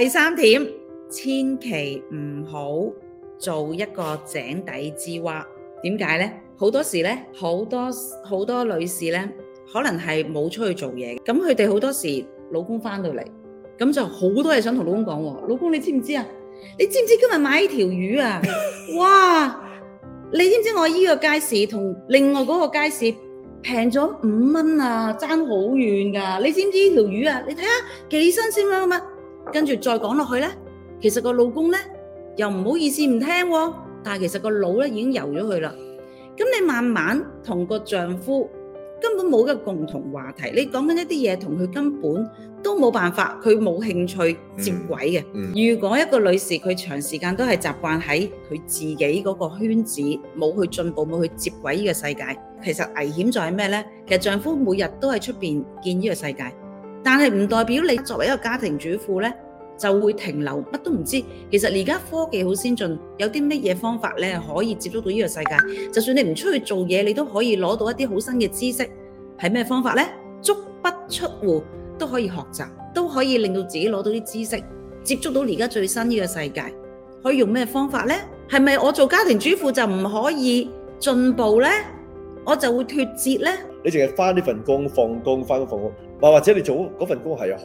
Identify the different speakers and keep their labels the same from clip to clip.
Speaker 1: 第三點，千祈唔好做一個井底之蛙。點解呢？好多時呢，好多好多女士呢，可能係冇出去做嘢。咁佢哋好多時，老公返到嚟，咁就好多嘢想同老公講。老公，你知唔知啊？你知唔知今日買呢條魚啊？ 哇！你知唔知我呢個街市同另外嗰個街市平咗五蚊啊？爭好遠㗎！你知唔知呢條魚啊？你睇下，幾新鮮啊跟住再講落去咧，其實個老公咧又唔好意思唔聽、哦，但係其實個腦咧已經遊咗去啦。咁你慢慢同個丈夫根本冇一個共同話題，你講緊一啲嘢同佢根本都冇辦法，佢冇興趣接軌嘅、嗯嗯。如果一個女士佢長時間都係習慣喺佢自己嗰個圈子，冇去進步，冇去接軌呢個世界，其實危險在係咩咧？其實丈夫每日都喺出面見呢個世界。但係唔代表你作為一個家庭主婦呢，就會停留乜都唔知道。其實而家科技好先進，有啲乜嘢方法你可以接觸到呢個世界？就算你唔出去做嘢，你都可以攞到一啲好新嘅知識。係咩方法呢？足不出戶都可以學習，都可以令到自己攞到啲知識，接觸到而家最新呢個世界。可以用咩方法呢？係咪我做家庭主婦就唔可以進步呢？我就會脫節呢？
Speaker 2: 你淨係翻呢份工，放工翻工，放工，或或者你做嗰嗰份工係好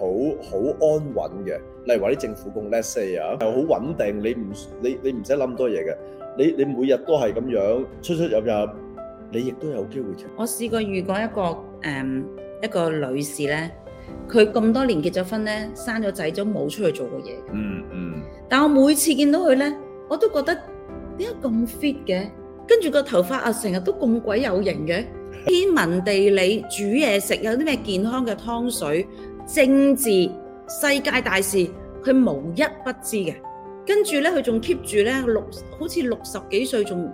Speaker 2: 好安穩嘅，例如話啲政府工，let’s say 啊，又好穩定，你唔你你唔使諗咁多嘢嘅，你你每日都係咁樣出出入入，你亦都有機會出。
Speaker 1: 我試過遇過一個誒一個女士咧，佢咁多年結咗婚咧，生咗仔都冇出去做過嘢。嗯嗯。但我每次見到佢咧，我都覺得點解咁 fit 嘅？跟住個頭髮啊，成日都咁鬼有型嘅。天文地理、煮嘢食、有啲咩健康嘅湯水、政治世界大事，佢無一不知嘅，跟住咧佢仲 keep 住咧，六好似六十幾歲仲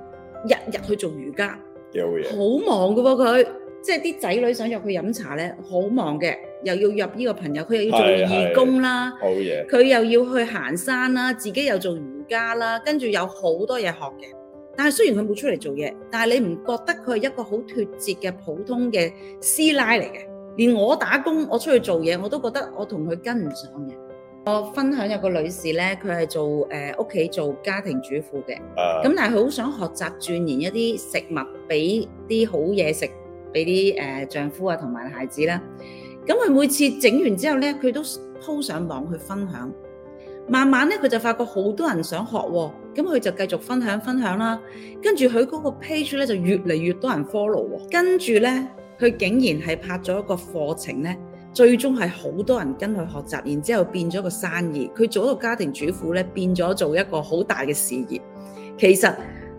Speaker 1: 日日去做瑜伽，
Speaker 2: 好嘢，好
Speaker 1: 忙噶喎佢，即係啲仔女想約佢飲茶咧，好忙嘅，又要入呢個朋友，佢又要做義工啦，好嘢，佢又要去行山啦，自己又做瑜伽啦，跟住有好多嘢學嘅。但係雖然佢冇出嚟做嘢，但係你唔覺得佢係一個好脫節嘅普通嘅師奶嚟嘅？連我打工，我出去做嘢，我都覺得我同佢跟唔上嘅。我分享有個女士咧，佢係做誒屋企做家庭主婦嘅，咁、uh-huh. 但係佢好想學習鑽研一啲食物俾啲，俾啲好嘢食俾啲誒丈夫啊同埋孩子啦、啊。咁佢每次整完之後咧，佢都鋪上網去分享，慢慢咧佢就發覺好多人想學喎、啊。咁佢就繼續分享分享啦，跟住佢嗰個 page 咧就越嚟越多人 follow 喎。跟住咧，佢竟然係拍咗一個課程咧，最終係好多人跟佢學習，然之後變咗個生意。佢做一個家庭主婦咧，變咗做一個好大嘅事業。其實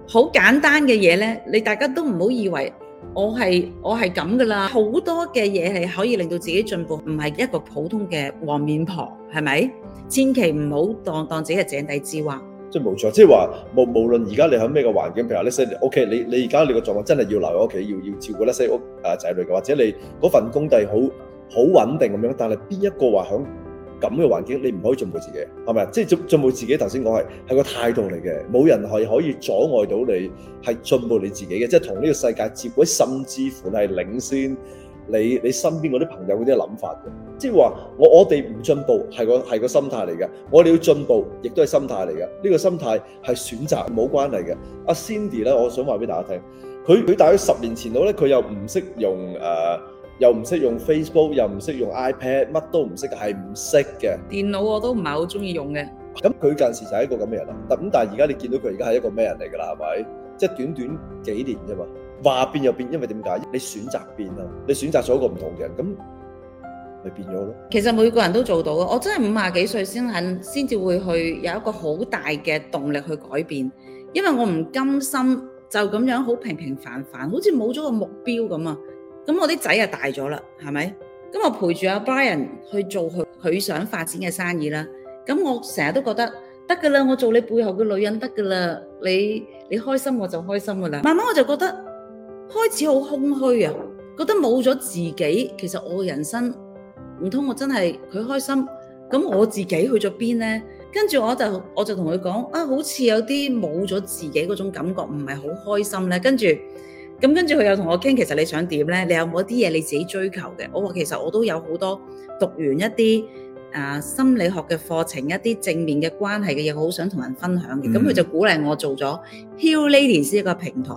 Speaker 1: 好簡單嘅嘢咧，你大家都唔好以為我係我係咁噶啦。好多嘅嘢係可以令到自己進步，唔係一個普通嘅黃面婆，係咪？千祈唔好當當自己係井底之蛙。
Speaker 2: 即係冇錯，即係話無無論而家你喺咩嘅環境，譬如話細路，OK，你你而家你個狀況真係要留喺屋企，要要照顧一些屋啊仔女嘅，或者你嗰份工地好好穩定咁樣，但係邊一個話喺咁嘅環境，你唔可以進步自己，係咪啊？即係進進步自己，頭先講係係個態度嚟嘅，冇人係可以阻礙到你係進步你自己嘅，即係同呢個世界接軌，甚至乎係領先。你你身邊嗰啲朋友嗰啲諗法嘅，即係話我我哋唔進步係個係個心態嚟嘅，我哋要進步亦都係心態嚟嘅。呢個心態係選擇冇關係嘅。阿 Cindy 咧，我想話俾大家聽，佢佢大約十年前度咧，佢又唔識用誒，又唔識用 Facebook，又唔識用 iPad，乜都唔識，係唔識嘅。電腦我都唔係好中意用嘅。咁佢嗰陣時就係一個咁嘅人啦。咁但係而家你見到佢而家係一個咩人嚟㗎啦？係咪？即係短短幾年啫嘛。話變又變，因為點解？你選擇變啊。你選擇咗一個唔同嘅人，咁咪變咗咯。
Speaker 1: 其實每個人都做到啊。我真係五十幾歲先肯先至會去有一個好大嘅動力去改變，因為我唔甘心就咁樣好平平凡凡，好似冇咗個目標咁啊。咁我啲仔又大咗啦，係咪？咁我陪住阿 Brian 去做佢佢想發展嘅生意啦。咁我成日都覺得得㗎啦，我做你背後嘅女人得㗎啦。你你開心我就開心㗎啦。慢慢我就覺得。開始好空虛啊，覺得冇咗自己，其實我人生唔通我真係佢開心，咁我自己去咗邊呢？跟住我就我就同佢講啊，好似有啲冇咗自己嗰種感覺，唔係好開心呢。跟住咁跟住佢又同我傾，其實你想點呢？你有冇啲嘢你自己追求嘅？我話其實我都有好多讀完一啲、啊、心理學嘅課程，一啲正面嘅關係嘅嘢，好想同人分享嘅。咁、嗯、佢就鼓勵我，我做咗 Hero Ladies 一個平台。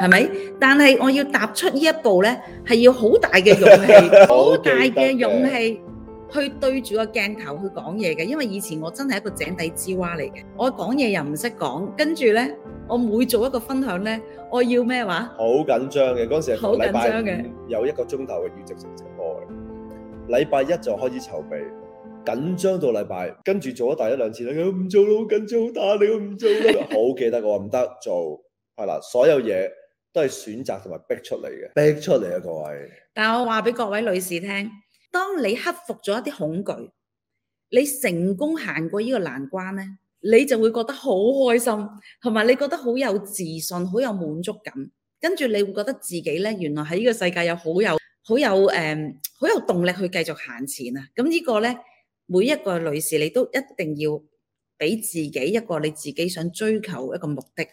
Speaker 1: 係咪？但係我要踏出呢一步咧，係要好大嘅勇氣，好大嘅勇氣去對住個鏡頭去講嘢嘅。因為以前我真係一個井底之蛙嚟嘅，我講嘢又唔識講。跟住咧，我每做一個分享咧，我要咩話？
Speaker 2: 好緊張嘅嗰時係好緊張嘅，禮拜有一個鐘頭要直情直播嘅。禮拜一就開始籌備，緊張到禮拜，跟住做咗第一、兩次，唔做啦，好緊張，好打力，唔做啦。好記得我話唔得做，係啦，所有嘢。都係選擇同埋逼出嚟嘅，逼出嚟啊！各位，
Speaker 1: 但係我話俾各位女士聽，當你克服咗一啲恐懼，你成功行過呢個難關咧，你就會覺得好開心，同埋你覺得好有自信，好有滿足感，跟住你會覺得自己咧，原來喺呢個世界又好有，好有，誒，嗯，好有動力去繼續行前啊！咁呢個咧，每一個女士你都一定要俾自己一個你自己想追求一個目的。